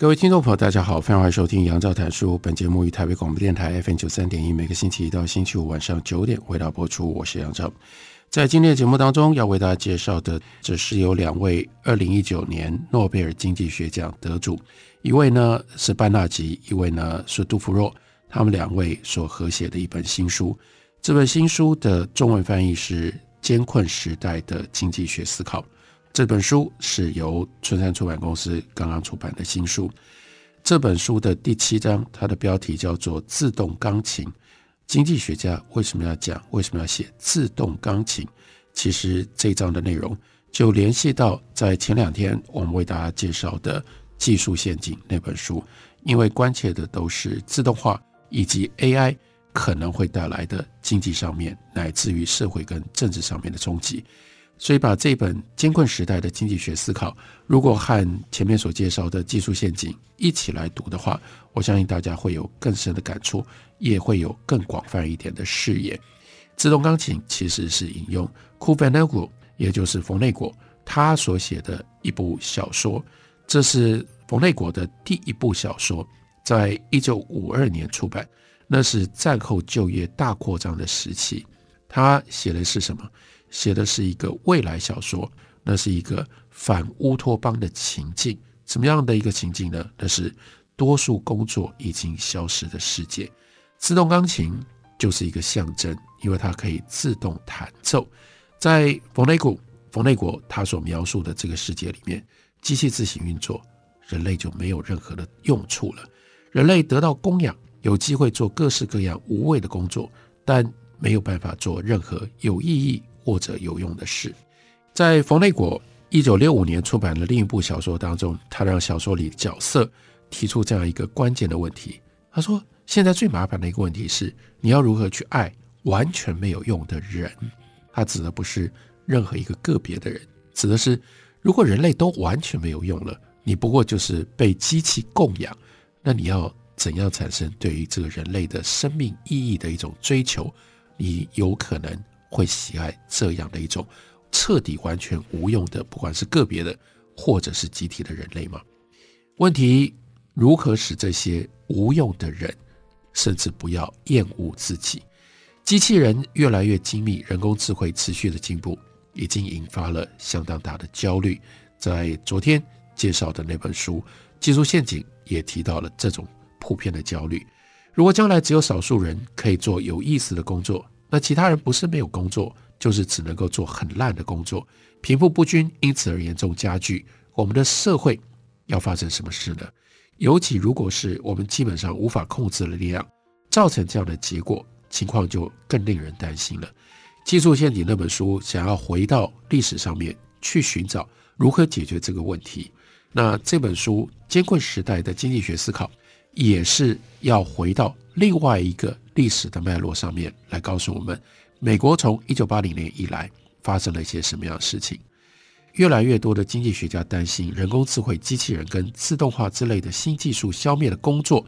各位聽眾朋友，大家好，歡迎收聽《楊照談書》。本節目於台北廣播電臺 FM 九三點一，每個星期一到星期五晚上九點為大家播出。我是楊照，在今天的節目當中，要為大家介紹的，則是由兩位二零一九年諾貝爾經濟學獎得主，一位呢是班納吉，一位呢是杜芙若，他們兩位所合寫的一本新書。這本新書的中文翻譯是《艱困時代的經濟學思考》。這本書是由春山出版公司剛剛出版的新書。這本書的第七章，它的標題叫做《自動鋼琴》。經濟學家為什麼要講、為什麼要寫《自動鋼琴》？其實這一章的內容就聯繫到在前兩天我們為大家介紹的《技術陷阱》那本書，因為關切的都是自動化以及 AI 可能會帶來的經濟上面，乃至於社會跟政治上面的衝擊。所以，把這本《艱困時代的經濟學思考》如果和前面所介紹的技術陷阱一起來讀的話，我相信大家會有更深的感觸，也會有更廣泛一點的視野。自動鋼琴其實是引用 k u 庫爾特．馮內果，也就是馮內果他所寫的一部小說。這是馮內果的第一部小說，在一九五二年出版。那是戰後就業大擴張的時期，他寫的是什麼？寫的是一個未來小說，那是一個反烏托邦的情境。什麼樣的一個情境呢？那是多數工作已經消失的世界。自動鋼琴就是一個象徵，因為它可以自動彈奏。在馮內果馮內果，他所描述的這個世界裡面，機器自行運作，人類就沒有任何的用處了。人類得到供養，有機會做各式各樣無謂的工作，但沒有辦法做任何有意義。或者有用的事，在馮內果一九六五年出版的另一部小說當中，他讓小說裡角色提出這樣一個關鍵的問題。他說：“現在最麻煩的一個問題是，你要如何去愛完全沒有用的人？”他指的不是任何一個個別的人，指的是如果人類都完全沒有用了，你不過就是被機器供養，那你要怎樣產生對於這個人類的生命意義的一種追求？你有可能？會喜愛這樣的一種徹底完全無用的，不管是個別的或者是集體的人類嗎？問題如何使這些無用的人，甚至不要厭惡自己？機器人越來越精密，人工智慧持續的進步，已經引發了相當大的焦慮。在昨天介紹的那本書《技術陷阱》也提到了這種普遍的焦慮。如果將來只有少數人可以做有意思的工作，那其他人不是沒有工作，就是只能夠做很爛的工作，貧富不均因此而嚴重加劇。我們的社會要發生什麼事呢？尤其如果是我們基本上無法控制的力量造成這樣的結果，情況就更令人擔心了。技術陷阱那本書想要回到歷史上面去尋找如何解決這個問題，那這本書《艱困時代的經濟學思考》也是要回到，另外一個歷史的脈絡上面來告訴我們，美國從一九八零年以來發生了一些什麼樣的事情。越來越多的經濟學家擔心，人工智慧、機器人跟自動化之類的新技術消滅的工作，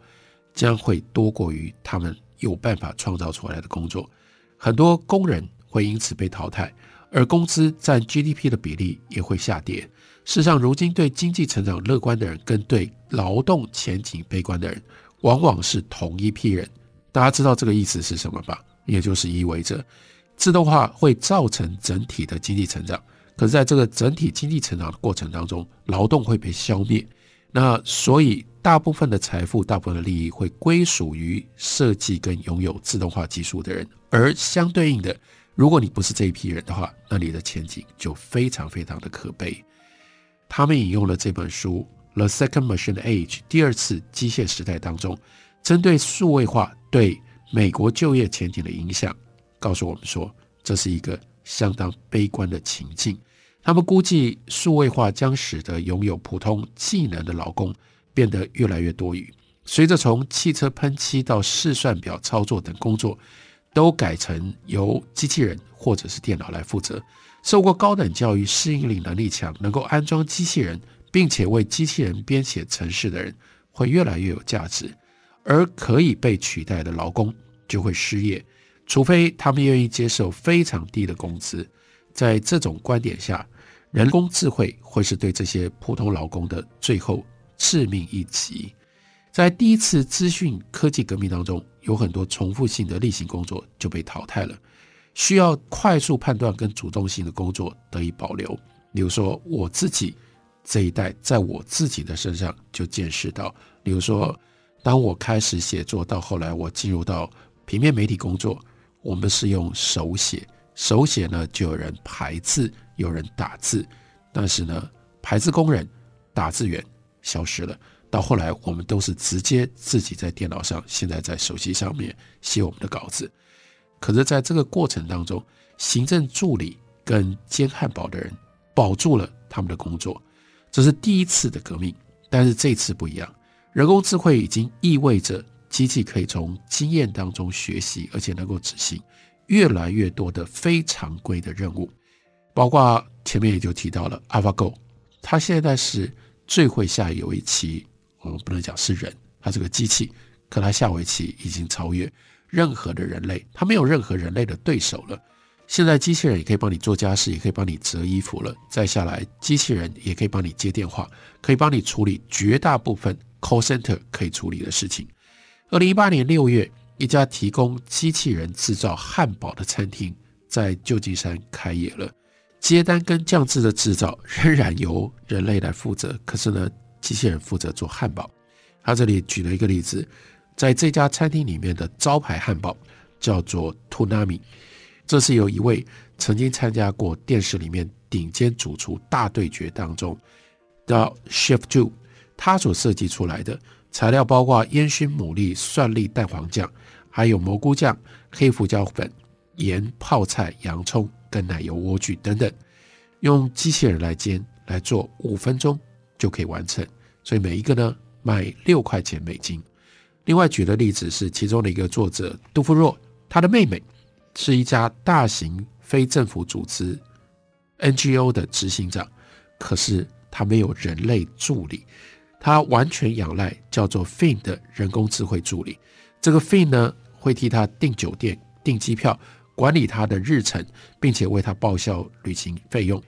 將會多過於他們有辦法創造出來的工作。很多工人會因此被淘汰，而工資佔 GDP 的比例也會下跌。事實上，如今對經濟成長樂觀的人，跟對勞動前景悲觀的人。往往是同一批人，大家知道這個意思是什麼吧？也就是意味着，自動化會造成整體的經濟成長。可是在這個整體經濟成長的過程當中，勞動會被消滅。那所以大部分的財富、大部分的利益會歸屬於設計跟擁有自動化技術的人，而相對應的，如果你不是這一批人的話，那你的前景就非常非常的可悲。他們引用了這本書。The Second Machine Age，第二次機械時代當中，針對數位化對美國就業前景的影響，告訴我們說這是一個相當悲觀的情境。他們估計，數位化將使得擁有普通技能的勞工變得越來越多餘。隨着從汽車噴漆到試算表操作等工作都改成由機器人或者是電腦來負責，受過高等教育、適應力能力強、能夠安裝機器人，並且為機器人編寫程式的人會越來越有價值，而可以被取代的勞工就會失業，除非他們願意接受非常低的工資。在這種觀點下，人工智慧會是對這些普通勞工的最後致命一擊。在第一次資訊科技革命當中，有很多重複性的例行工作就被淘汰了，需要快速判斷跟主動性的工作得以保留。例如說我自己。這一代在我自己的身上就見識到，比如說，當我開始寫作，到後來我進入到平面媒體工作，我們是用手寫，手寫呢就有人排字，有人打字，但是呢排字工人、打字員消失了，到後來我們都是直接自己在電腦上，現在在手機上面寫我們的稿子，可是在這個過程當中，行政助理跟煎漢堡的人保住了他們的工作。這是第一次的革命，但是這次不一樣。人工智慧，已經意味着機器可以從經驗當中學習，而且能夠執行越來越多的非常規的任務，包括前面也就提到了 AlphaGo，它現在是最會下圍棋。我們不能講是人，它這個機器，可它下圍棋已經超越任何的人類，它沒有任何人類的對手了。現在機器人也可以幫你做家事，也可以幫你折衣服了。再下來，機器人也可以幫你接電話，可以幫你處理絕大部分 call center 可以處理的事情。二零一八年六月，一家提供機器人製造漢堡的餐廳在舊金山開業了。接單跟醬汁的製造仍然由人類來負責，可是呢，機器人負責做漢堡。他這裡舉了一個例子，在這家餐廳裡面的招牌漢堡叫做 Tunami。這是由一位曾經參加過電視裡面頂尖主廚大對決當中的 Chef Two，他所設計出來的，材料包括煙燻牡蠣、蒜粒、蛋黃醬，還有蘑菇醬、黑胡椒粉、鹽、泡菜、洋蔥跟奶油萵苣等等，用機器人來煎來做，五分鐘就可以完成。所以每一個呢，賣六塊錢美金。另外舉的例子是其中的一個作者杜芙若，他的妹妹。是一家大型非政府組織 NGO 的執行長，可是他沒有人類助理，他完全仰賴叫做 Fin 的人工智慧助理。這個 Fin 呢，會替他訂酒店、訂機票、管理他的日程，並且為他報銷旅行費用。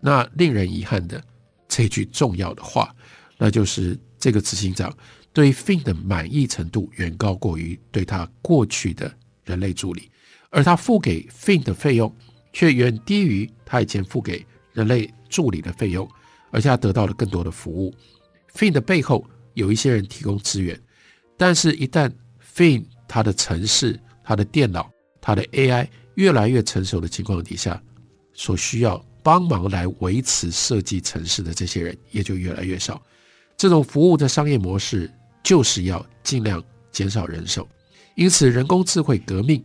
那令人遺憾的，這一句重要的話，那就是這個執行長對 Fin 的滿意程度遠高過於對他過去的人類助理。而他付給 Fin 的費用，卻遠低於他以前付給人類助理的費用，而且他得到了更多的服務。Fin 的背後有一些人提供資源，但是，一旦 Fin 它的程式、它的電腦、它的 AI 越來越成熟的情況底下，所需要幫忙來維持設計程式的這些人也就越來越少。這種服務的商業模式就是要盡量減少人手，因此，人工智慧革命。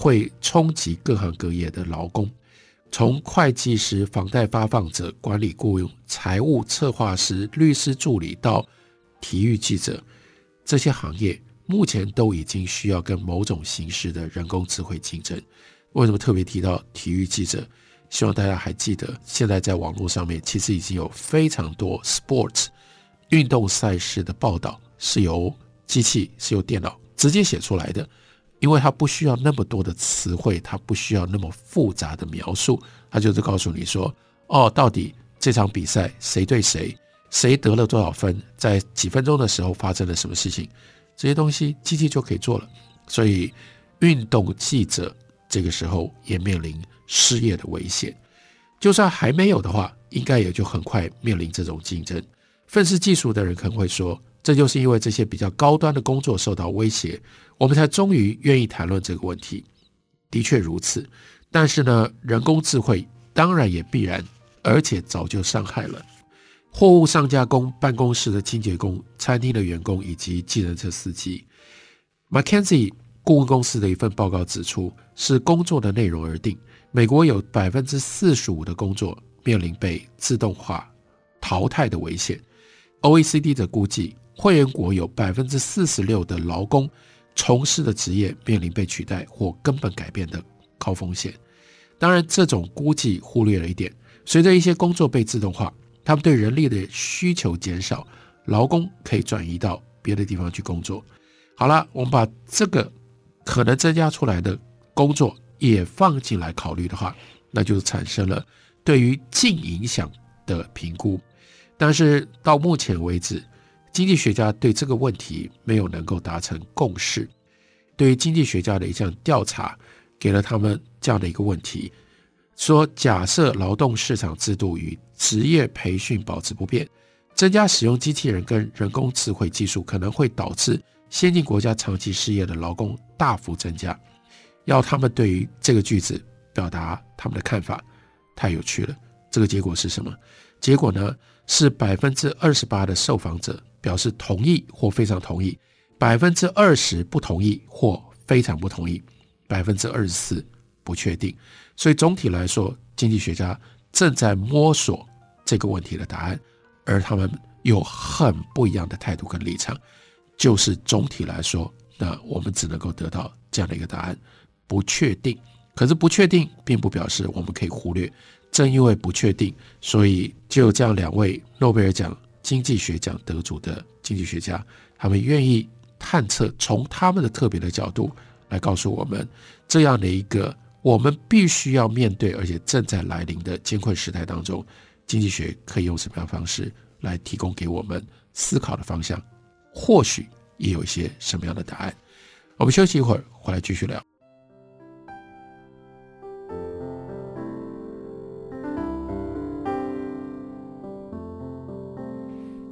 會衝擊各行各業的勞工，從會計師、房貸發放者、管理雇用、財務策劃師、律師助理到體育記者，這些行業目前都已經需要跟某種形式的人工智慧競爭。為什麼特別提到體育記者？希望大家還記得，現在在網絡上面其實已經有非常多 sports 運動賽事的報道是由機器、是由電腦直接寫出來的。因為它不需要那麼多的詞彙，它不需要那麼複雜的描述，它就是告訴你說，哦，到底這場比賽誰對誰，誰得了多少分，在幾分鐘的時候發生了什麼事情，這些東西機器就可以做了。所以，運動記者這個時候也面臨失業的危險。就算還沒有的話，應該也就很快面臨這種競爭。憤世嫉俗的人可能會說，這就是因為這些比較高端的工作受到威脅。我們才終於願意談論這個問題，的確如此。但是呢，人工智慧當然也必然，而且早就傷害了貨物上架工、辦公室的清潔工、餐廳的員工以及計程車司機。McKenzie 顧問公司的一份報告指出，是工作的內容而定。美國有百分之四十五的工作面臨被自動化淘汰的危險。OECD 的估計，會員國有百分之四十六的勞工，從事的職業面臨被取代或根本改變的高風險。當然，這種估計忽略了一點：隨着一些工作被自動化，他們對人力的需求減少，勞工可以轉移到別的地方去工作。好了，我們把這個可能增加出來的工作也放進來考慮的話，那就產生了對於淨影響的評估。但是到目前為止，經濟學家對這個問題沒有能夠達成共識。對於經濟學家的一項調查，給了他們這樣的一個問題：說假設勞動市場制度與職業培訓保持不變，增加使用機器人跟人工智慧技術可能會導致先進國家長期失業的勞工大幅增加。要他們對於這個句子表達他們的看法，太有趣了。這個結果是什麼？結果呢，是百分之二十八的受訪者。表示同意或非常同意，百分之二十不同意或非常不同意，百分之二十四不確定。所以總體來說，經濟學家正在摸索這個問題的答案，而他們有很不一樣的態度跟立場。就是總體來說，那我們只能夠得到這樣的一個答案：不確定。可是不確定並不表示我們可以忽略，正因為不確定，所以就有這樣兩位諾貝爾獎。經濟學獎得主的經濟學家，他們願意探測，從他們的特別的角度來告訴我們，這樣的一個我們必須要面對而且正在來臨的艱困時代當中，經濟學可以用什麼樣的方式來提供給我們思考的方向，或許也有一些什麼樣的答案。我們休息一會兒，回來繼續聊。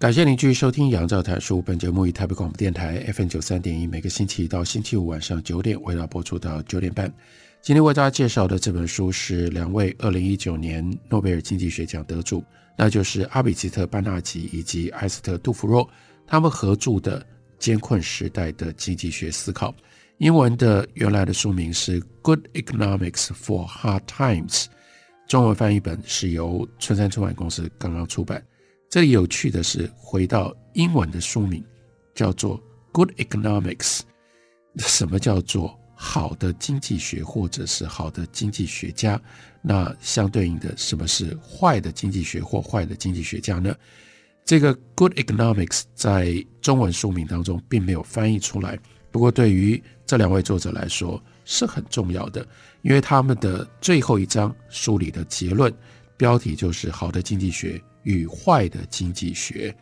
感謝您繼續收聽《楊照談書》。本節目以台北廣播電台 FM 九三點一每個星期一到星期五晚上九點，為大家播出到九點半。今天為大家介紹的這本書是兩位二零一九年諾貝爾經濟學獎得主，那就是阿比吉特·班納吉以及艾絲特·杜芙若，他們合著的《艱困時代的經濟學思考》。英文的原來的書名是《Good Economics for Hard Times》，中文翻譯本是由春山出版公司剛剛出版。這裡有趣的是，回到英文的書名，叫做《Good Economics》。什麼叫做好的經濟學，或者是好的經濟學家？那相對應的，什麼是壞的經濟學或壞的經濟學家呢？這個《Good Economics》在中文書名當中並沒有翻譯出來。不過，對於這兩位作者來說是很重要的，因為他們的最後一章書裡的結論標題就是“好的經濟學”。與壞的經濟學，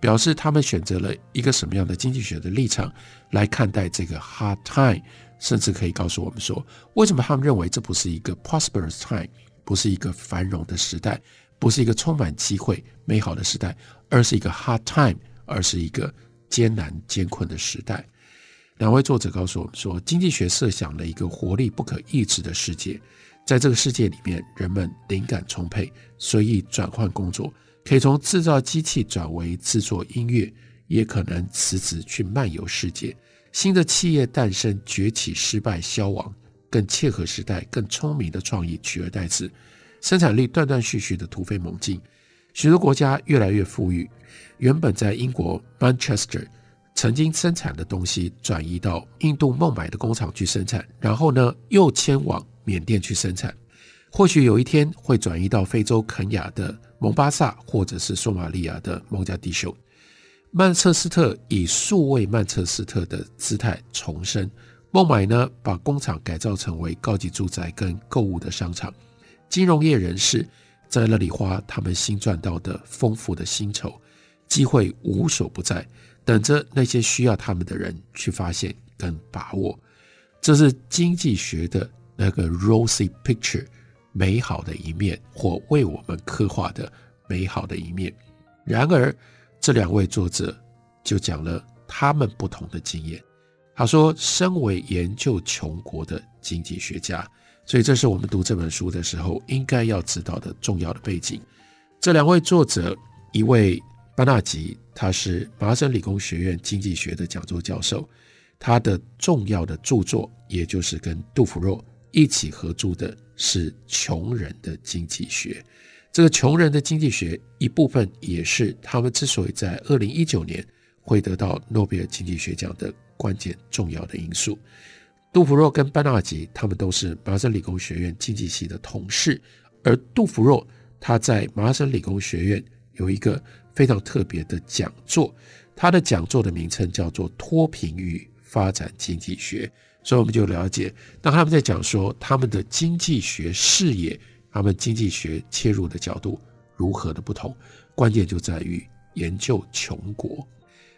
表示他們選擇了一個什麼樣的經濟學的立場來看待這個 hard time，甚至可以告訴我們說，為什麼他們認為這不是一個 prosperous time，不是一個繁榮的時代，不是一個充滿機會美好的時代，而是一個 hard time，而是一個艱難艱困的時代。兩位作者告訴我們說，經濟學設想了一個活力不可抑制的世界。在這個世界裡面，人們靈感充沛，隨意轉換工作，可以從製造機器轉為制作音樂，也可能辭職去漫遊世界。新的企業誕生、崛起、失敗、消亡，更切合時代、更聰明的創意取而代之，生產力斷斷續續地突飛猛進。許多國家越來越富裕，原本在英國 Manchester 曾經生產的東西，轉移到印度孟買的工廠去生產，然後呢，又遷往。緬甸去生產，或許有一天會轉移到非洲肯亞的蒙巴薩，或者是索馬利亞的孟加迪修，曼徹斯特以數位曼徹斯特的姿態重生。孟買呢，把工廠改造成為高級住宅跟購物的商場。金融業人士在那裡花他們新賺到的豐富的薪酬，機會無所不在，等着那些需要他們的人去發現跟把握。這是經濟學的那個 rosy picture，美好的一面，或為我們刻畫的美好的一面。然而，這兩位作者就講了他們不同的經驗。他說，身為研究窮國的經濟學家，所以這是我們讀這本書的時候應該要知道的重要的背景。這兩位作者，一位班納吉，他是麻省理工學院經濟學的講座教授，他的重要的著作，也就是跟杜芙若，一起合作的是《窮人的經濟學》，這個窮人的經濟學一部分也是他們之所以在二零一九年會得到諾貝爾經濟學獎的關鍵重要的因素。杜芙若，跟班納吉他們都是麻省理工學院經濟系的同事，而杜芙若，他在麻省理工學院有一個非常特別的講座，他的講座的名稱叫做《脫貧與發展經濟學》。所以我們就了解，當他們在講說他們的經濟學視野，他們經濟學切入的角度如何的不同，關鍵就在於研究窮國。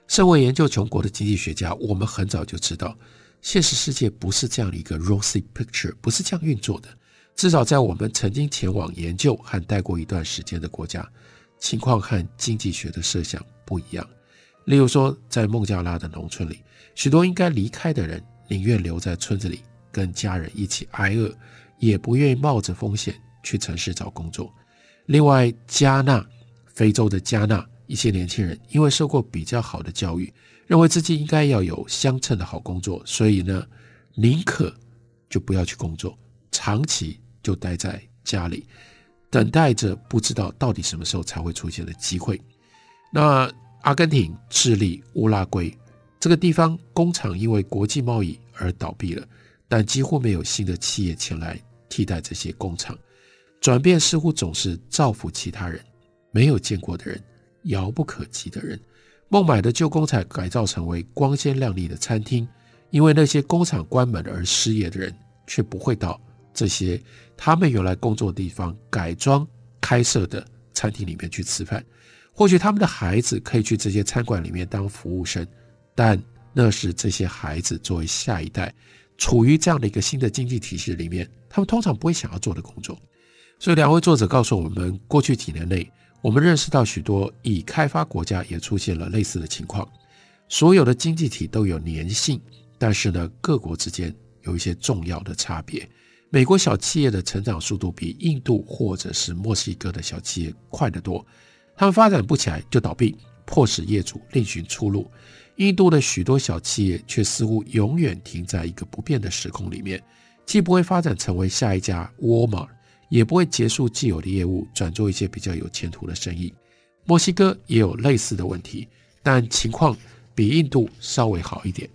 身為研究窮國的經濟學家，我們很早就知道，現實世界不是這樣的一個 rosy picture，不是這樣運作的。至少在我們曾經前往研究和待過一段時間的國家，情況和經濟學的設想不一樣。例如說，在孟加拉的農村裡，許多應該離開的人，寧願留在村子裡跟家人一起挨餓，也不願意冒着風險去城市找工作。另外，加納，非洲的加納，一些年輕人因為受過比較好的教育，認為自己應該要有相稱的好工作，所以呢，寧可就不要去工作，長期就待在家裡，等待着不知道到底什麼時候才會出現的機會。那阿根廷、智利、烏拉圭。這個地方工廠因為國際貿易而倒閉了，但幾乎沒有新的企業前來替代這些工廠。轉變似乎總是造福其他人，沒有見過的人，遙不可及的人。孟買的舊工廠改造成為光鮮亮麗的餐廳，因為那些工廠關門而失業的人卻不會到這些他們原來工作的地方改裝開設的餐廳裡面去吃飯。或許他們的孩子可以去這些餐館裡面當服務生。但那是這些孩子作為下一代，處於這樣的一個新的經濟體系裡面，他們通常不會想要做的工作。所以，兩位作者告訴我們，過去幾年內，我們認識到許多已開發國家也出現了類似的情況。所有的經濟體都有粘性，但是呢，各國之間有一些重要的差別。美國小企業的成長速度比印度或者是墨西哥的小企業快得多，他們發展不起來就倒閉，迫使業主另尋出路。印度的許多小企業卻似乎永遠停在一個不變的時空裡面，既不會發展成為下一家 Walmart，也不會結束既有的業務，轉做一些比較有前途的生意。墨西哥也有類似的問題，但情況比印度稍微好一點。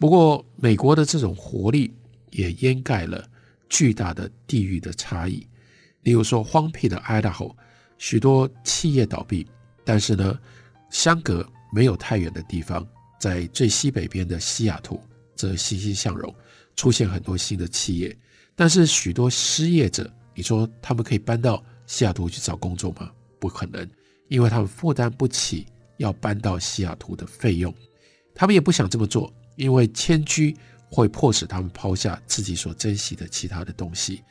不過，美國的這種活力也掩蓋了巨大的地域的差異。例如說，荒僻的愛達荷，許多企業倒閉，但是呢，相隔沒有太遠的地方。在最西北邊的西雅圖，則欣欣向榮，出現很多新的企業。但是許多失業者，你說他們可以搬到西雅圖去找工作嗎？不可能，因為他們負擔不起要搬到西雅圖的費用。他們也不想這麼做，因為遷居會迫使他們拋下自己所珍惜的其他的東西，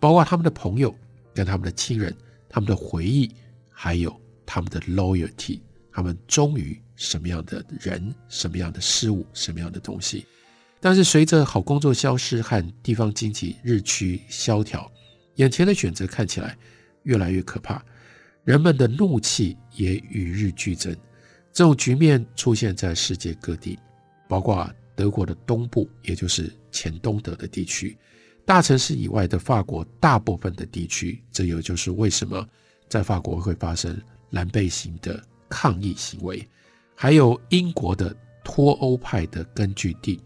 包括他們的朋友、跟他們的親人、他們的回憶，還有他們的 loyalty。他們忠於什麼樣的人、什麼樣的事物、什麼樣的東西？但是隨着好工作消失和地方經濟日趨蕭條，眼前的選擇看起來越來越可怕，人們的怒氣也與日俱增。這種局面出現在世界各地，包括德國的東部，也就是前東德的地區，大城市以外的法國大部分的地區。這也就是為什麼在法國會發生黃背心的。抗議行為，還有英國的脫歐派的根據地，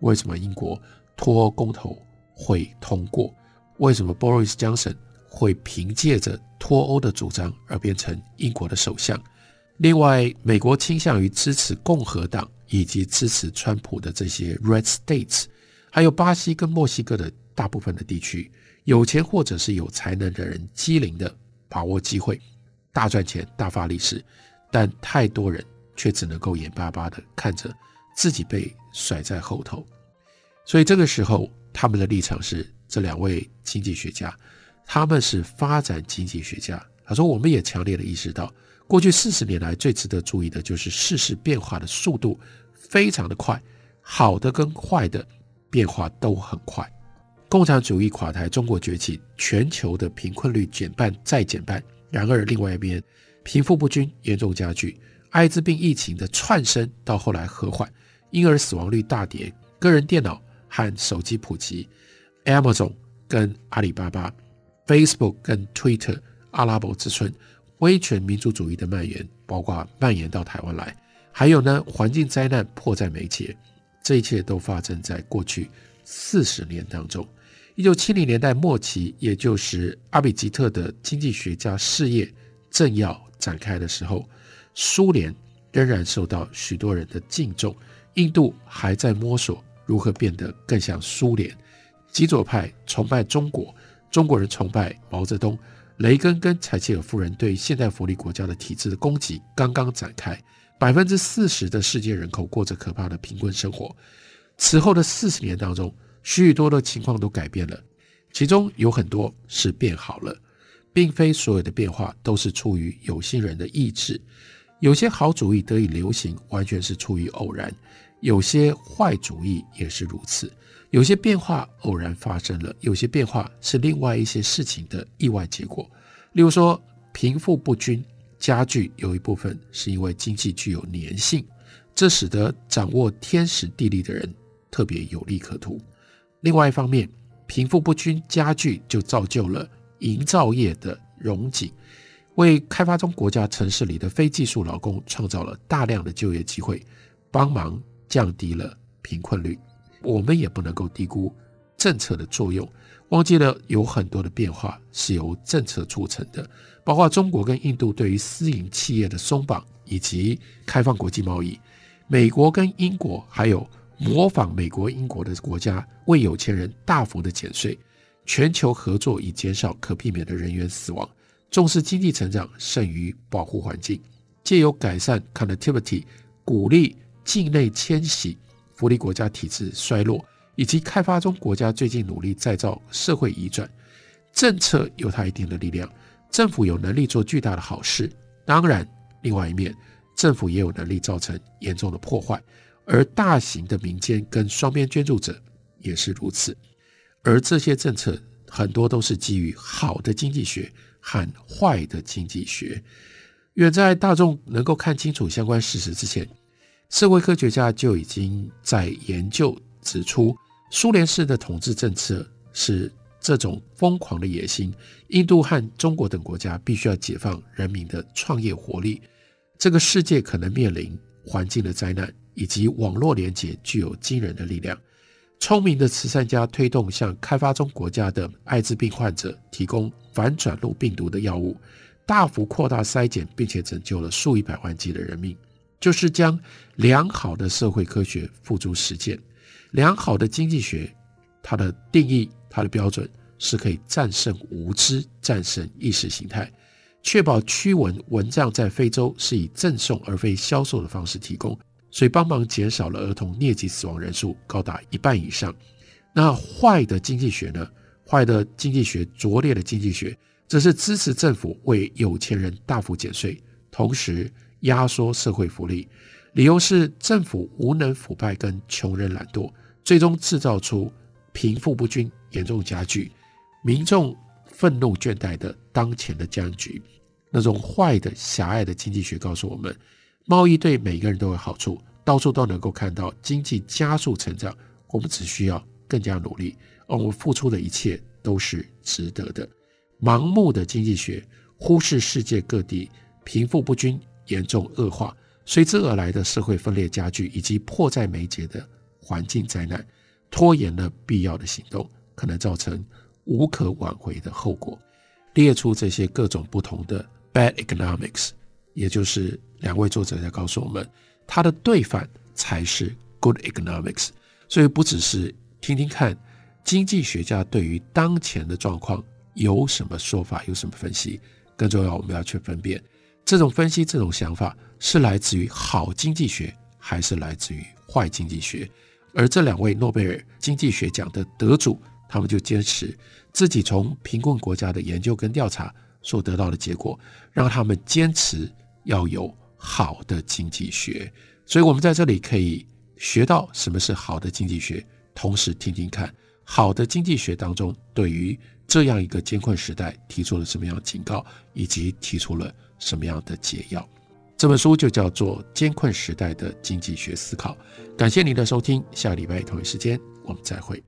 為什麼英國脫歐公投會通過？為什麼 Boris Johnson 會憑借着脫歐的主張而變成英國的首相？另外，美國傾向於支持共和黨以及支持川普的這些 Red States，還有巴西跟墨西哥的大部分的地區，有錢或者是有才能的人機靈地把握機會，大賺錢，大發利市。但太多人卻只能夠眼巴巴地看着自己被甩在後頭，所以這個時候他們的立場是這兩位經濟學家，他們是發展經濟學家。他說：“我們也強烈地意識到，過去四十年來最值得注意的就是世事變化的速度非常的快，好的跟壞的變化都很快。共產主義垮台，中國崛起，全球的貧困率減半再減半。然而另外一邊。”貧富不均嚴重加劇，艾滋病疫情的竄升到後來和緩，嬰兒死亡率大跌，個人電腦和手機普及，Amazon 跟阿里巴巴，Facebook 跟 Twitter，阿拉伯之春，威權民族主義的蔓延，包括蔓延到台灣來，還有呢，環境災難迫在眉睫，這一切都發生在過去四十年當中。一九七零年代末期，也就是阿比吉特的經濟學家、事業政要，展開的時候，蘇聯仍然受到許多人的敬重，印度還在摸索如何變得更像蘇聯。極左派崇拜中國，中國人崇拜毛澤東。雷根跟柴契爾夫人對現代福利國家的體制的攻擊剛剛展開。百分之四十的世界人口過着可怕的貧困生活。此後的四十年當中，許多的情況都改變了，其中有很多是變好了。並非所有的變化都是出於有心人的意志，有些好主意得以流行，完全是出於偶然；有些壞主意也是如此。有些變化偶然發生了，有些變化是另外一些事情的意外結果。例如說，貧富不均加劇，有一部分是因為經濟具有粘性，這使得掌握天時地利的人特別有利可圖。另外一方面，貧富不均加劇就造就了，營造業的榮景，為開發中國家城市裡的非技術勞工創造了大量的就業機會，幫忙降低了貧困率。我們也不能夠低估政策的作用，忘記了有很多的變化是由政策促成的，包括中國跟印度對於私營企業的鬆綁以及開放國際貿易，美國跟英國還有模仿美國英國的國家為有錢人大幅的減稅。全球合作以減少可避免的人員死亡，重視經濟成長勝於保護環境，借由改善 connectivity，鼓勵境內遷徙，福利國家體制衰落，以及開發中國家最近努力再造社會移轉政策，有它一定的力量。政府有能力做巨大的好事，當然，另外一面，政府也有能力造成嚴重的破壞，而大型的民間跟雙邊捐助者也是如此。而這些政策很多都是基於好的經濟學和壞的經濟學。遠在大眾能夠看清楚相關事實之前，社會科學家就已經在研究指出，蘇聯式的統治政策是這種瘋狂的野心。印度和中國等國家必須要解放人民的創業活力。這個世界可能面臨環境的災難，以及網絡連接具有驚人的力量。聰明的慈善家推動向開發中國家的艾滋病患者提供反轉錄病毒的藥物，大幅擴大篩檢，並且拯救了數以百萬計的人命。就是將良好的社會科學付諸實踐，良好的經濟學，它的定義、它的標準是可以戰勝無知、戰勝意識形態，確保驅蚊蚊帳在非洲是以贈送而非銷售的方式提供。所以，幫忙減少了兒童瘧疾死亡人數高達一半以上。那壞的經濟學呢？壞的經濟學、拙劣的經濟學，則是支持政府為有錢人大幅減稅，同時壓縮社會福利，理由是政府無能、腐敗跟窮人懶惰，最終製造出貧富不均嚴重加劇、民眾憤怒倦怠的當前的僵局。那種壞的、狹隘的經濟學告訴我們。貿易對每個人都有好處，到處都能夠看到經濟加速成長，我們只需要更加努力，而我們付出的一切都是值得的。盲目的經濟學忽視世界各地貧富不均嚴重惡化，隨之而來的社會分裂加劇，以及迫在眉睫的環境災難，拖延了必要的行動，可能造成無可挽回的後果。列出這些各種不同的 bad economics。也就是兩位作者在告訴我們，他的對反才是 good economics，所以不只是聽聽看經濟學家對於當前的狀況有什麼說法、有什麼分析，更重要我們要去分辨這種分析、這種想法是來自於好經濟學還是來自於壞經濟學。而這兩位諾貝爾經濟學獎的得主，他們就堅持自己從貧困國家的研究跟調查所得到的結果，讓他們堅持。要有好的經濟學，所以我們在這裡可以學到什麼是好的經濟學，同時聽聽看，好的經濟學當中對於這樣一個艱困時代提出了什麼樣的警告，以及提出了什麼樣的解藥。這本書就叫做《艱困時代的經濟學思考》。感謝您的收聽，下個禮拜同一時間我們再會。